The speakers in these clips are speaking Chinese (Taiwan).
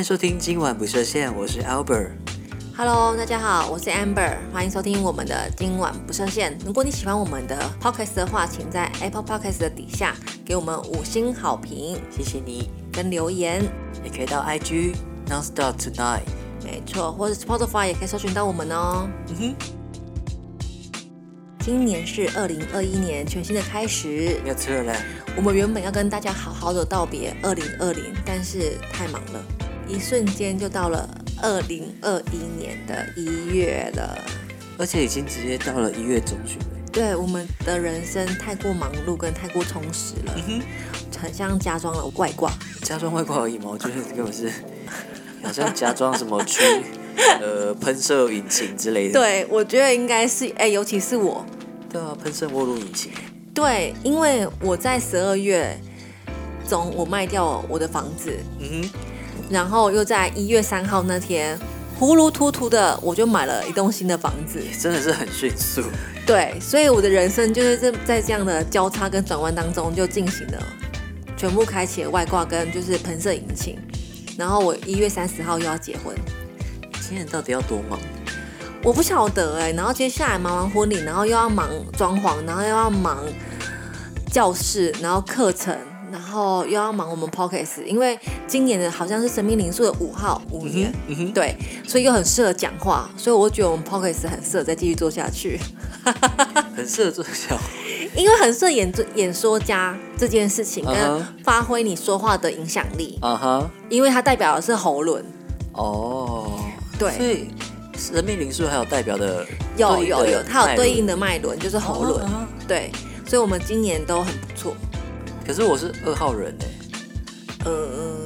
歡迎收聽今晚不設限，我是 Albert。Hello，大家好，我是 Amber。歡迎收聽我們的今晚不設限。如果你喜歡我們的 Podcast 的話，請在 Apple Podcast 的底下給我們五星好評，謝謝你跟留言。也可以到 IG NonStopTonight，沒錯，或者 Spotify 也可以搜尋到我們哦。嗯哼。今年是二零二一年全新的開始。有錯了。我們原本要跟大家好好的道別二零二零，但是太忙了。一瞬間就到了二零二一年的一月了，而且已經直接到了一月中旬。對，我們的人生太過忙碌跟太過充實了，嗯、哼很像加裝了外掛。加裝外掛而已嘛，我覺得就是我是好像加裝什麼去 呃噴射引擎之類的。對，我覺得應該是哎、欸，尤其是我。對啊，噴射渦輪引擎。對，因為我在十二月中我賣掉了我的房子，嗯哼。然後又在一月三號那天，糊裡糊塗的我就買了一棟新的房子，真的是很迅速。對，所以我的人生就是這在這樣的交叉跟轉彎當中就進行了，全部開啟了外掛跟就是噴射引擎。然後我一月三十號又要結婚，今天到底要多忙？我不曉得哎、欸。然後接下來忙完婚禮，然後又要忙裝潢，然後又要忙教室，然後課程。然後又要忙我們 Podcast，因為今年的好像是生命靈數的五號五年，嗯嗯、對，所以又很適合講話，所以我覺得我們 Podcast 很適合再繼續做下去， 很適合做小，因為很適合演演說家這件事情，uh huh. 跟發揮你說話的影響力，啊哈、uh，huh. 因為它代表的是喉輪哦，uh huh. 對，所以生命靈數還有代表的有，有有有，它有對應的脈輪，脈輪就是喉輪、uh huh, uh huh. 對，所以我們今年都很不錯。可是我是二號人呢，欸。呃，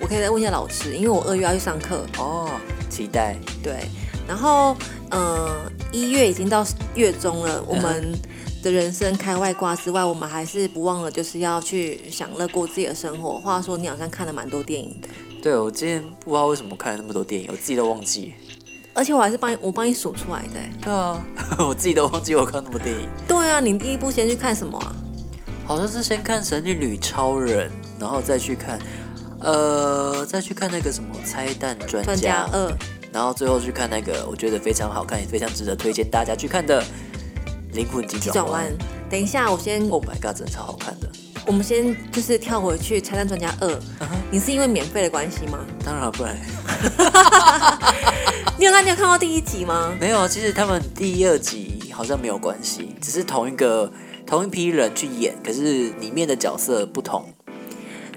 我可以再問一下老師，因為我二月要去上課哦，期待。對，然後嗯，一、呃、月已經到月中了，我們的人生開外掛之外，我們還是不忘了，就是要去享樂過自己的生活。話說你好像看了蠻多電影的，對我今天不知道為什麼看了那麼多電影，我自己都忘記，而且我還是幫你，我幫你數出來的，欸，對啊，哦，我自己都忘記我看那麼多電影。對啊，你第一部先去看什麼啊？好像是先看《神力女超人》，然後再去看，呃，再去看那個什麼《拆彈專，專家二》，然後最後去看那個我覺得非常好看，也非常值得推薦大家去看的《靈魂急轉彎》。等一下，我先。Oh my god，真的超好看的。我們先就是跳回去《拆彈專家二》Uh-huh? 你是因為免費的關係嗎？當然不然。 你有看？你有看到第一集嗎？沒有啊。其實他們第二集好像沒有關係，只是同一個。同一批人去演，可是裡面的角色不同。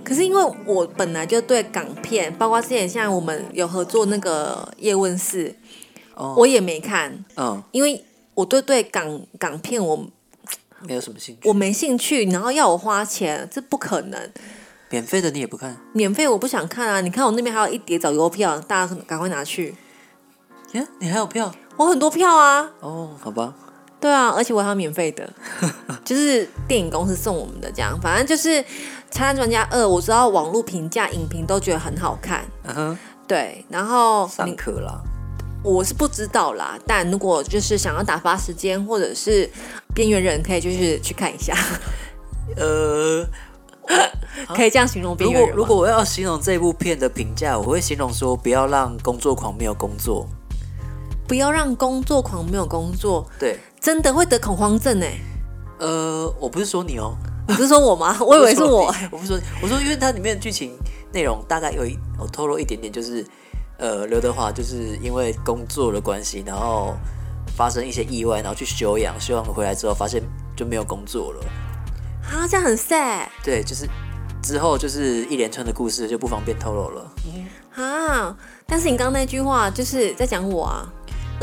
可是因為我本來就對港片，包括之前像我們有合作那個 4,、哦《葉問四》，我也沒看。嗯，因為我對對港港片我沒有什麼興趣，我沒興趣。然後要我花錢，這不可能。免費的你也不看？免費我不想看啊！你看我那邊還有一疊早郵票，大家趕快拿去。欸，你還有票？我很多票啊。哦，好吧。對啊，而且我還有免費的， 就是電影公司送我們的這樣。反正就是《拆彈專家二》，我知道網路評價、影評都覺得很好看。嗯哼，對。然後辛苦了，我是不知道啦。但如果就是想要打發時間，或者是邊緣人可以就是去看一下。 呃， 可以這樣形容邊緣人。如果如果我要形容這部片的評價，我會形容說：不要讓工作狂沒有工作。不要讓工作狂沒有工作，對，真的會得恐慌症哎。呃，我不是說你哦，你是說我嗎？我以為是我。我不是說，我不說，我說，因為它裡面的劇情內容大概有一，我透露一點點，就是呃，劉德華就是因為工作的關係，然後發生一些意外，然後去修養休養，休養回來之後發現就沒有工作了。啊，這樣很 sad。對，就是之後就是一連串的故事就不方便透露了。好，嗯啊，但是你剛剛那句話就是在講我啊。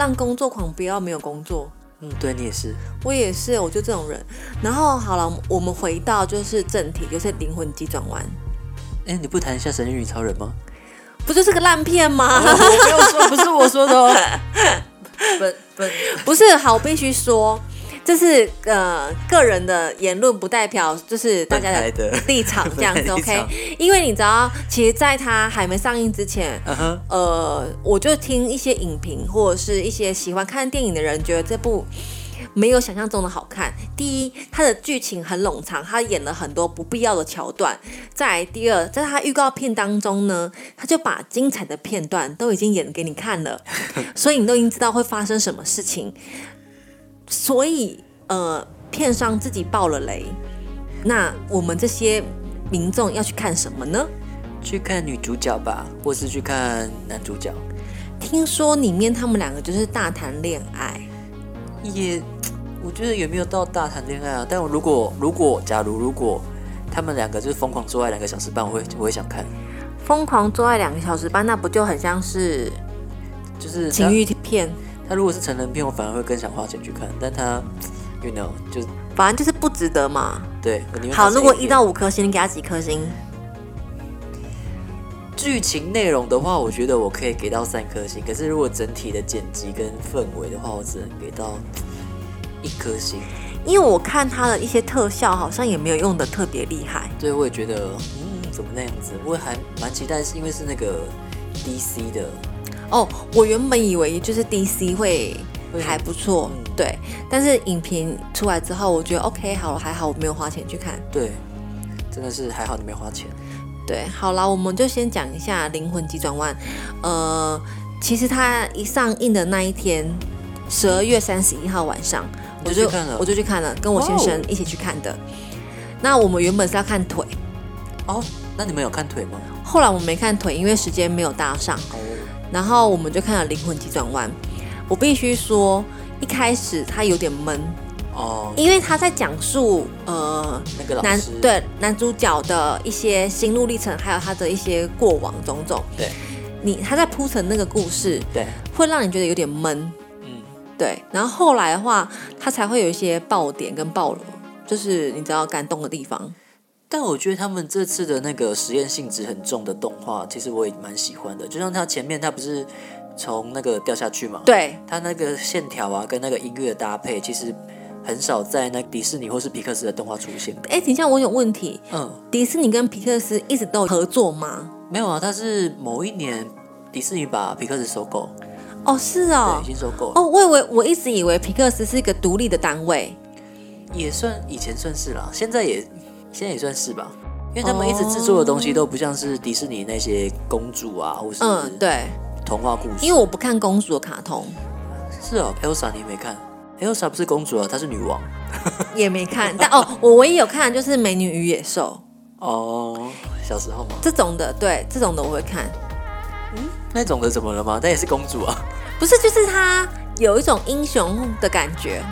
讓工作狂不要沒有工作。嗯，對你也是，我也是，我就這種人。然後好了，我們回到就是正題，就是在靈魂急轉彎。哎，你不談一下《神力女超人》嗎？不就是個爛片嗎？哦，我沒有說， 不是我說的 不。不不不是，好，我必須說。這是呃個人的言論，不代表就是大家的立場，這樣子 OK。因為你知道，其實在他還沒上映之前，uh huh. 呃，我就聽一些影評或者是一些喜歡看電影的人覺得這部沒有想象中的好看。第一，他的劇情很冗長，他演了很多不必要的橋段；再第二，在他預告片當中呢，他就把精彩的片段都已經演給你看了，所以你都已經知道會發生什麼事情。所以，呃，片商自己爆了雷，那我們這些民眾要去看什麼呢？去看女主角吧，或是去看男主角。聽說裡面他們兩個就是大談戀愛，也我覺得有沒有到大談戀愛啊。但我如果如果假如如果他們兩個就是瘋狂做愛兩個小時半，我會我會想看。瘋狂做愛兩個小時半，那不就很像是就是情慾片？他如果是成人片，我反而會更想花錢去看。但他，you know，就反正就是不值得嘛。對，好，如果一到五顆星，你給他幾顆星？劇情內容的話，我覺得我可以給到三顆星。可是如果整體的剪輯跟氛圍的話，我只能給到一顆星。因為我看他的一些特效，好像也沒有用的特別厲害。對，我也覺得，嗯，怎麼那樣子？我還蠻期待，是因為是那個 DC 的。哦，我原本以為就是 D C 會還不錯，嗯、對。但是影評出來之後，我覺得 OK 好，還好我沒有花錢去看。對，真的是還好你沒有花錢。對，好啦，我們就先講一下《靈魂急轉彎》。呃，其實它一上映的那一天，十二月三十一號晚上，我就看了，我就我就去看了，跟我先生一起去看的。哦、那我們原本是要看腿。哦，那你們有看腿嗎？後來我沒看腿，因為時間沒有搭上。然後我們就看了《靈魂急轉彎》，我必須說，一開始他有點悶，哦，因為他在講述呃，那個老師男，對，男主角的一些心路歷程，還有他的一些過往種種，對，你他在鋪陳那個故事，對，會讓你覺得有點悶，嗯，對，然後後來的話，他才會有一些爆點跟爆露，就是你知道感動的地方。但我覺得他們這次的那個實驗性質很重的動畫，其實我也蠻喜歡的。就像他前面，他不是從那個掉下去嘛？對，他那個線條啊，跟那個音樂的搭配，其實很少在那迪士尼或是皮克斯的動畫出現。哎，等一下，我有問題。嗯，迪士尼跟皮克斯一直都有合作嗎？沒有啊，他是某一年迪士尼把皮克斯收購。哦，是啊、哦，已經收購了。哦，我以為我一直以為皮克斯是一個獨立的單位，也算以前算是了、啊，現在也。現在也算是吧，因為他們一直制作的東西都不像是迪士尼那些公主啊，或是嗯，對，童話故事，嗯。因為我不看公主的卡通。是哦，艾爾莎你也沒看？艾爾莎不是公主啊，她是女王。也沒看， 但哦，我唯一有看的就是《美女與野獸》。哦，小時候嗎？這種的，對，這種的我會看。嗯，那種的怎麼了嗎？那也是公主啊。不是，就是她有一種英雄的感覺。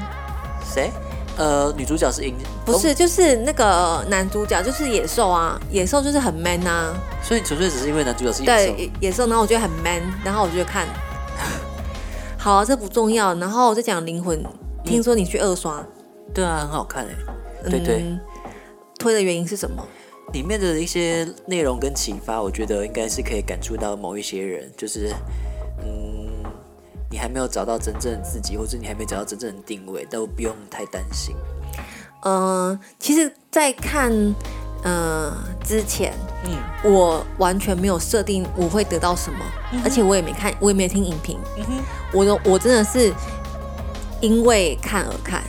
誰？呃，女主角是英，哦，不是，就是那個男主角就是野獸啊，野獸就是很 man 啊，所以純粹只是因為男主角是野獸，對野獸，然後我覺得很 man，然後我就看， 好，啊，這不重要，然後我在講靈魂，嗯，聽說你去二刷，對啊，很好看嘞。嗯，對，對對，推的原因是什麼？裡面的一些內容跟啟發，我覺得應該是可以感觸到某一些人，就是。你還沒有找到真正的自己，或者你還沒找到真正的定位，都不用太擔心。嗯、呃，其實，在看，嗯、呃，之前，嗯，我完全沒有設定我會得到什麼，嗯、哼而且我也沒看，我也沒聽影評。嗯哼，我我真的是因為看而看，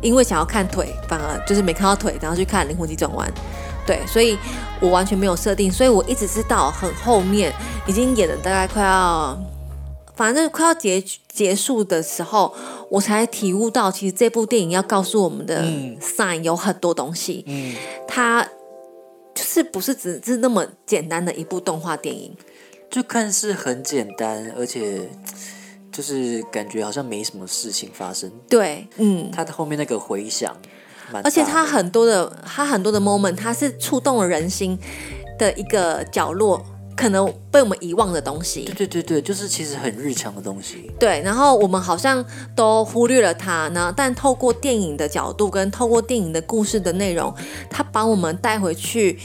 因為想要看腿，反而就是沒看到腿，然後去看《靈魂急轉彎》。對，所以我完全沒有設定，所以我一直知道很後面已經演了大概快要。反正快要結結束的時候，我才體悟到，其實這部電影要告訴我們的 sign，嗯，有很多東西。嗯，它就是不是只是，是那麼簡單的一部動畫電影。就看似很簡單，而且就是感覺好像沒什麼事情發生。對，嗯，它的後面那個回響蠻的，而且他很多的，它很多的 moment，它是觸動了人心的一個角落。可能被我們遺忘的東西，對對對，對就是其實很日常的東西。對，然後我們好像都忽略了它呢。但透過電影的角度，跟透過電影的故事的內容，它把我們帶回去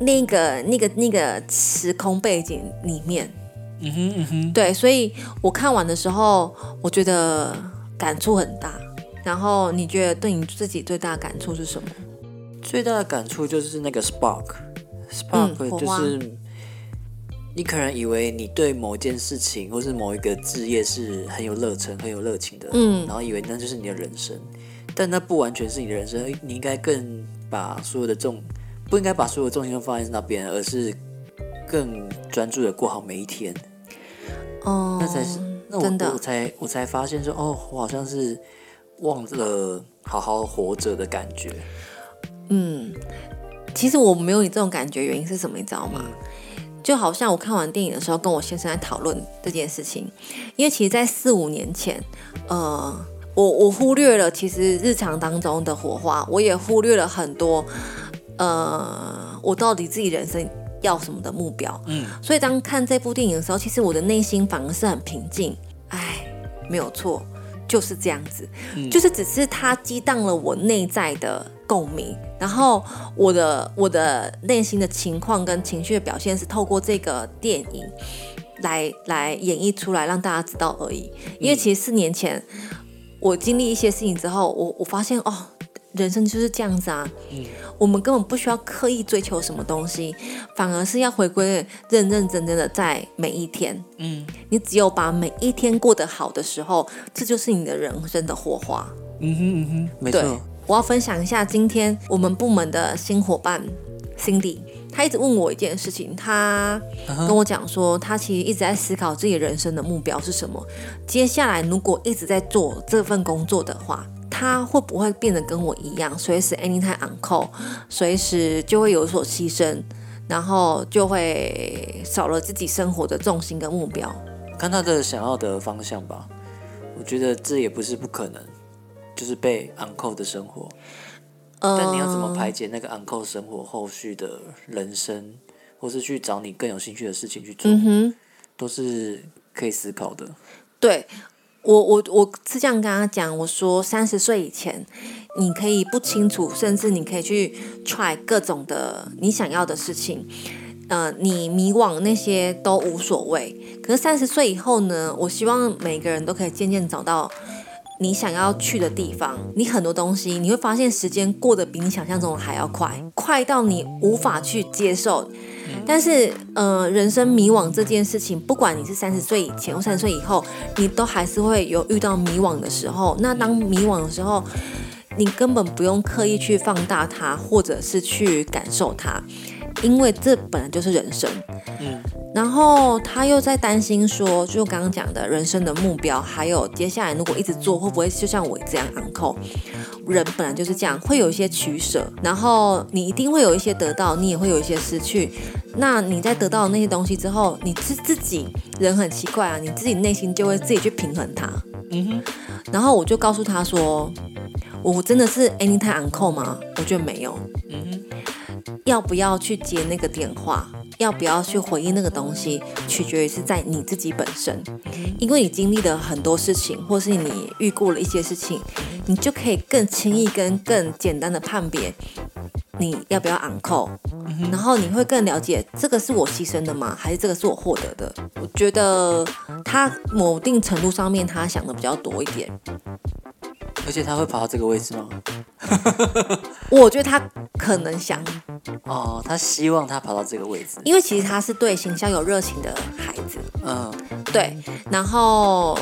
那個那個那個時空背景裡面。嗯哼嗯哼。嗯哼對，所以我看完的時候，我覺得感觸很大。然後你覺得對你自己最大的感觸是什麼？最大的感觸就是那個 Spark Spark 就是、嗯。你可能以為你對某一件事情，或是某一個職業是很有熱忱、很有熱情的，嗯，然後以為那就是你的人生，但那不完全是你的人生。你應該更把所有的重，不應該把所有的重心都放在那邊，而是更專注的過好每一天。哦、嗯，那才是，那我真的我才我才發現說，哦，我好像是忘了好好活着的感覺。嗯，其實我沒有你這種感覺，原因是什麼？你知道嗎？嗯就好像我看完電影的時候，跟我先生在討論這件事情，因為其實，在四五年前，呃，我我忽略了其實日常當中的火花，我也忽略了很多，呃，我到底自己人生要什麼的目標。嗯，所以當看這部電影的時候，其實我的內心反而是很平靜。唉，沒有錯，就是這樣子，嗯，就是只是它激盪了我內在的。共鳴，然後我的我的內心的情況跟情緒的表現是透過這個電影來來演繹出來，讓大家知道而已。嗯。因為其實四年前我經歷一些事情之後，我我發現哦，人生就是這樣子啊。嗯。我們根本不需要刻意追求什麼東西，反而是要回歸認認真真的在每一天。嗯。你只有把每一天過得好的時候，這就是你的人生的火花。嗯哼嗯哼，沒錯。對我要分享一下今天我們部門的新夥伴 Cindy，他一直問我一件事情，他跟我講說，他其實一直在思考自己人生的目標是什麼。接下來如果一直在做這份工作的話，他會不會變得跟我一樣，隨時 Anytime on call，隨時就會有所犧牲，然後就會少了自己生活的重心跟目標。看他的想要的方向吧，我覺得這也不是不可能。就是被 uncle 的生活，呃、但你要怎麼排解那個 uncle 生活後續的人生，或是去找你更有興趣的事情去做，嗯哼，都是可以思考的。對，我，我我是這樣跟他講，我說三十歲以前，你可以不清楚，甚至你可以去 try 各種的你想要的事情，呃，你迷惘那些都無所謂。可是三十歲以後呢，我希望每個人都可以漸漸找到。你想要去的地方，你很多東西，你會發現時間過得比你想象中的還要快，快到你無法去接受。但是，呃，人生迷惘這件事情，不管你是三十歲以前或三十歲以後，你都還是會有遇到迷惘的時候。那當迷惘的時候，你根本不用刻意去放大它，或者是去感受它。因為這本來就是人生，嗯，然後他又在擔心說，就剛剛講的人生的目標，還有接下來如果一直做會不會就像我這樣 uncle 人本來就是這樣，會有一些取舍，然後你一定會有一些得到，你也會有一些失去。那你在得到那些東西之後，你自自己人很奇怪啊，你自己內心就會自己去平衡它，嗯哼。然後我就告訴他說。我真的是 anytime uncle 嗎？我覺得沒有。嗯哼，要不要去接那個電話？要不要去回應那個東西？取決於是在你自己本身，嗯、因為你經歷了很多事情，或是你遇過了一些事情，你就可以更輕易跟更簡單的判別你要不要 uncle。嗯、哼然後你會更了解這個是我犧牲的嗎？還是這個是我獲得的？我覺得他某一定程度上面，他想的比較多一點。而且他會跑到這個位置嗎？ 我覺得他可能想哦，他希望他跑到這個位置，因為其實他是對形象有熱情的孩子。嗯，對，然後。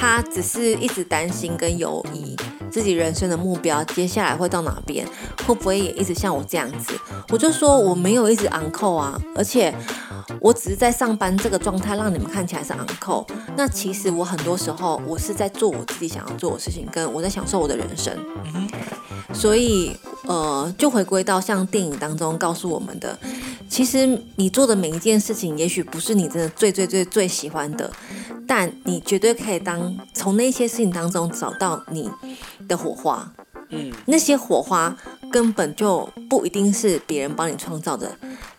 他只是一直擔心跟猶疑，自己人生的目標，接下來會到哪邊，會不會也一直像我這樣子？我就說我沒有一直昂扣啊，而且我只是在上班這個狀態讓你們看起來是昂扣。那其實我很多時候我是在做我自己想要做的事情，跟我在享受我的人生。所以呃，就回歸到像電影當中告訴我們的。其實你做的每一件事情，也許不是你真的最最最最喜歡的，但你絕對可以當從那些事情當中找到你的火花。嗯，那些火花根本就不一定是別人幫你創造的，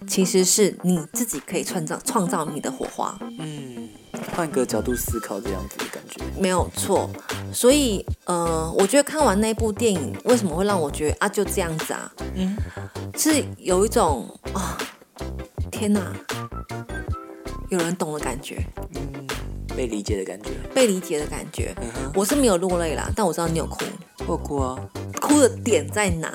其實是你自己可以創造創造你的火花。嗯，換個角度思考，這樣子的感覺沒有錯。所以，呃，我覺得看完那部電影，為什麼會讓我覺得啊，就這樣子啊？嗯，是有一種。天吶、啊，有人懂的感覺，嗯，被理解的感覺，被理解的感覺，嗯、哼我是沒有落淚啦，但我知道你有哭，我有哭啊，哭的點在哪？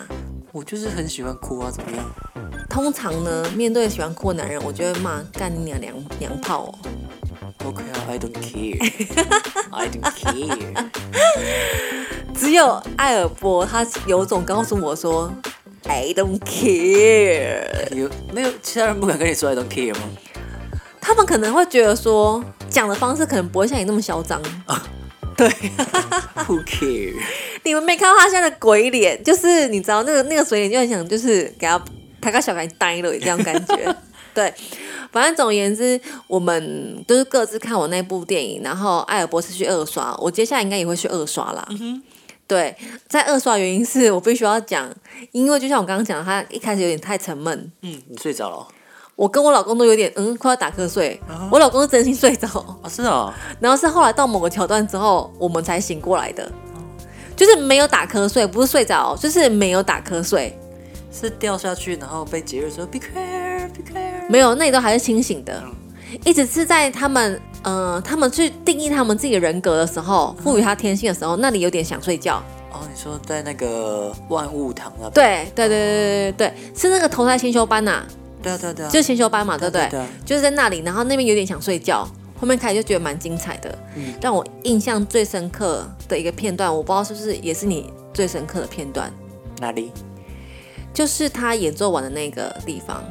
我就是很喜歡哭啊，怎麼樣？通常呢，面對喜歡哭的男人，我就會罵幹你娘娘,娘炮哦、喔。Okay, I don't care, I don't care。 只有艾爾伯他有種告訴我說。I don't care。有沒有其他人不敢跟你說 I don't care 嗎？他們可能會覺得說，講的方式可能不會像你那麼囂張。Uh, 對，Who care？ 你們沒看到他現在的鬼臉，就是你知道那個那個嘴臉，就很想就是給他抬個小孩呆了這樣感覺。 對，反正總而言之，我們都是各自看我那部電影，然後艾爾博士去二刷，我接下來應該也會去二刷啦。Mm hmm. 對，在二刷原因是我必須要講，因為就像我剛剛講，他一開始有點太沉悶。嗯，你睡着了哦？我跟我老公都有點嗯，快要打瞌睡。Uh huh. 我老公是真心睡着啊，是哦。Uh huh. 然後是後來到某個橋段之後，我們才醒過來的。Uh huh. 就是沒有打瞌睡，不是睡着，就是沒有打瞌睡。是掉下去，然後被杰瑞說 “be care be care”，沒有，那都還是清醒的。Uh huh. 一直是在他們，呃，他們去定義他們自己的人格的時候，賦予他天性的時候，嗯、那裡有點想睡覺哦。你說在那個萬物堂啊？對對對對對對對，是那個投胎先修班吶、啊。對啊對啊對就是先修班嘛，對不對？對，對，對，就是在那裡，然後那邊有點想睡覺，後面開始就覺得蠻精彩的。嗯，讓我印象最深刻的一個片段，我不知道是不是也是你最深刻的片段？哪裡？就是他演奏完的那個地方，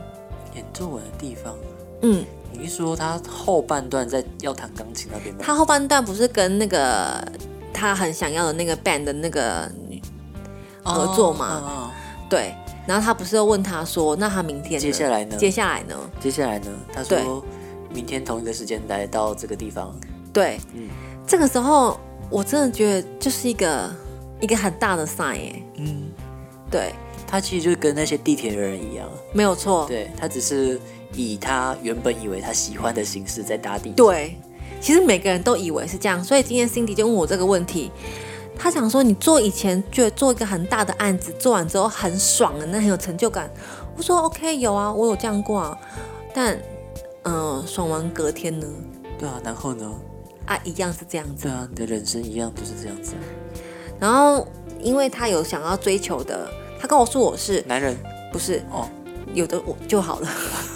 演奏完的地方，嗯。你說他後半段在要彈鋼琴那邊嗎？他後半段不是跟那個他很想要的那個 band 的那個合作嗎？哦、好好對，然後他不是又問他說：“那他明天接下來呢？接下來呢？接下來呢？”他說明天同一個時間來到這個地方。對，嗯、這個時候我真的覺得就是一個一個很大的 sign、欸。嗯，對他其實就跟那些地鐵的人一樣，沒有錯。對他只是。以他原本以為他喜歡的形式在打底。對，其實每個人都以為是這樣，所以今天 Cindy 就問我這個問題，他想說你做以前覺得做一個很大的案子，做完之後很爽啊，那很有成就感。我說 OK，有啊，我有這樣過啊，但嗯、呃，爽完隔天呢？對啊，然後呢？啊，一樣是這樣子。對啊，你的人生一樣就是這樣子、啊。然後，因為他有想要追求的，他告訴我是男人，不是哦，有的我就好了。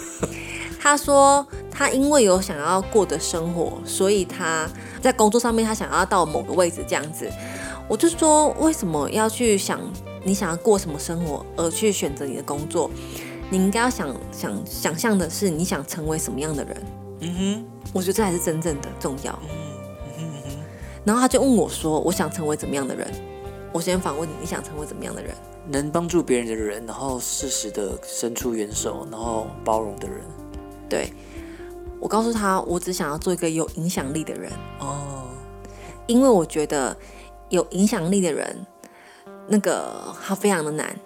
他說，他因為有想要過的生活，所以他在工作上面他想要到某個位置這樣子。我就說，為什麼要去想你想要過什麼生活而去選擇你的工作？你應該要想想想象的是你想成為什麼樣的人。嗯哼，我覺得這還是真正的重要。嗯哼。嗯哼，嗯哼。然後他就問我說，我想成為怎麼樣的人？我先反問你，你想成為怎麼樣的人？能幫助別人的人，然後適時的伸出援手，然後包容的人。對，我告訴他，我只想要做一個有影響力的人哦，因為我覺得有影響力的人，那個他非常的難。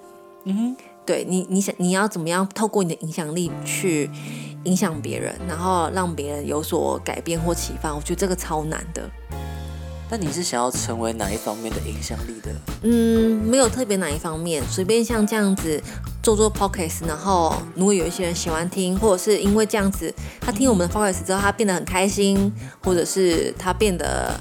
嗯哼，對你，你想你要怎麼樣透過你的影響力去影響別人，然後讓別人有所改變或啟發？我覺得這個超難的。但你是想要成為哪一方面的影響力的？嗯，沒有特別哪一方面，隨便像這樣子做做 podcast，然後如果有一些人喜歡聽，或者是因為這樣子，他聽我們的 podcast 之後，他變得很開心，或者是他變得。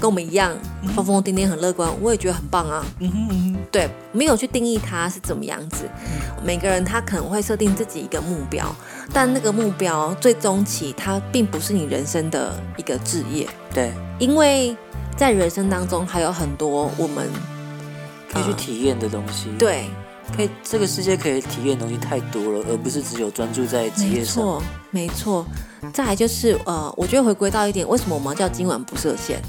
跟我們一樣瘋瘋癲癲，很樂觀，我也覺得很棒啊。嗯哼，對，沒有去定義他是怎麼樣子。每個人他可能會設定自己一個目標，但那個目標最終其它並不是你人生的一個職業。對，因為在人生當中還有很多我們可以去體驗的東西、呃。對，可以，嗯、這個世界可以體驗的東西太多了，嗯、而不是只有專注在職業上。沒錯，沒錯。再來就是呃，我覺得回歸到一點，為什麼我們要叫今晚不設限？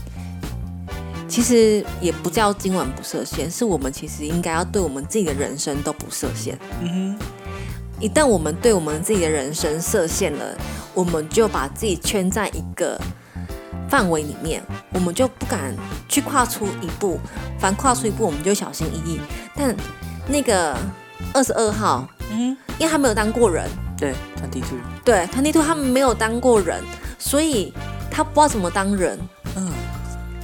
其實也不叫今晚不設限，是我們其實應該要對我們自己的人生都不設限。嗯哼，一旦我們對我們自己的人生設限了，我們就把自己圈在一個範圍裡面，我們就不敢去跨出一步。凡跨出一步，我們就小心翼翼。但那個二十二號，嗯哼，因為他沒有當過人，對，團體兔，對，團體兔，他們沒有當過人，所以他不知道怎麼當人。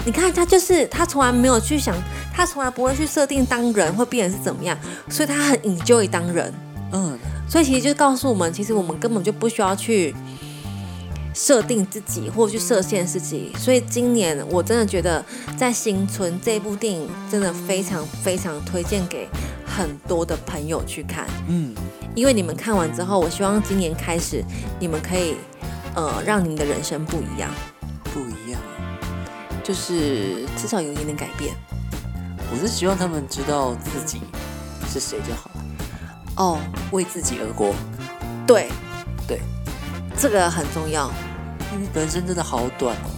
你看他就是他從來沒有去想，他從來不會去設定當人或別人是怎麼樣，所以他很 enjoy 當人，嗯，所以其實就告訴我們，其實我們根本就不需要去設定自己或去設限自己。所以今年我真的覺得在新春這部電影真的非常非常推薦給很多的朋友去看，嗯，因為你們看完之後，我希望今年開始你們可以呃讓你們的人生不一樣。就是至少有一點點改變。我是希望他們知道自己是誰就好了。哦，為自己而活。對，對，這個很重要。人生、嗯、真的好短哦。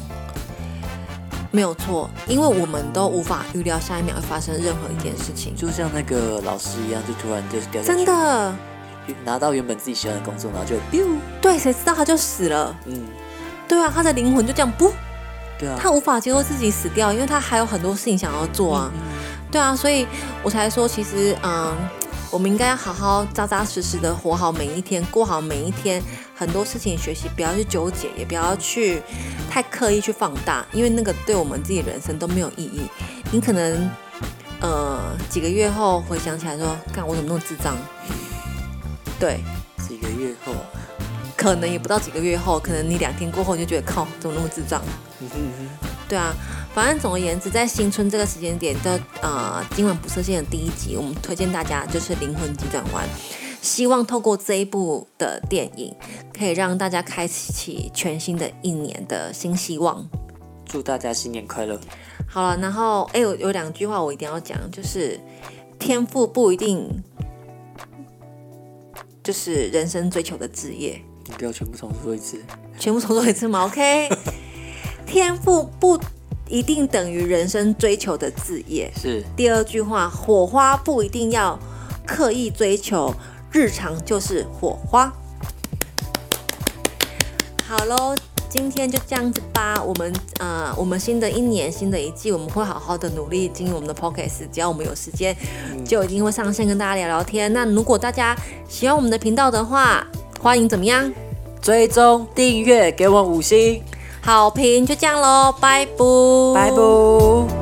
沒有錯，因為我們都無法預料下一秒會發生任何一件事情。就像那個老師一樣，就突然就掉下去，真的。拿到原本自己喜歡的工作，然後就，呃、對，誰知道他就死了。嗯。對啊，他的靈魂就這樣不。他無法接受自己死掉，因為他還有很多事情想要做啊，嗯、對啊，所以我才說，其實，嗯、呃，我們應該要好好扎扎實實的活好每一天，過好每一天。很多事情學習，不要去糾結，也不要去太刻意去放大，因為那個對我們自己人生都沒有意義。你可能，呃，幾個月後回想起來說，看我怎麼那麼智障？嗯、對，幾個月後。可能也不到幾個月後，可能你兩天過後你就覺得靠，怎麼那麼智障？ 對啊，反正總而言之，在新春這個時間點，就啊、呃、今晚《不設限》的第一集，我們推薦大家就是《靈魂急轉彎》，希望透過這一部的電影，可以讓大家開啟全新的一年的新希望。祝大家新年快樂！好了，然後哎，有有兩句話我一定要講，就是天賦不一定就是人生追求的職業。不要全部重做一次，全部重做一次嗎？OK， 天賦不一定等於人生追求的事業。是。第二句話，火花不一定要刻意追求，日常就是火花。 好嘍，今天就這樣子吧。我們啊、呃，我們新的一年、新的一季，我們會好好的努力經營我們的 Podcast，只要我們有時間，就一定會上線跟大家聊聊天。嗯、那如果大家喜歡我們的頻道的話，歡迎怎麼樣？追蹤、訂閱，給我五星好評，就這樣嘍，拜拜拜拜。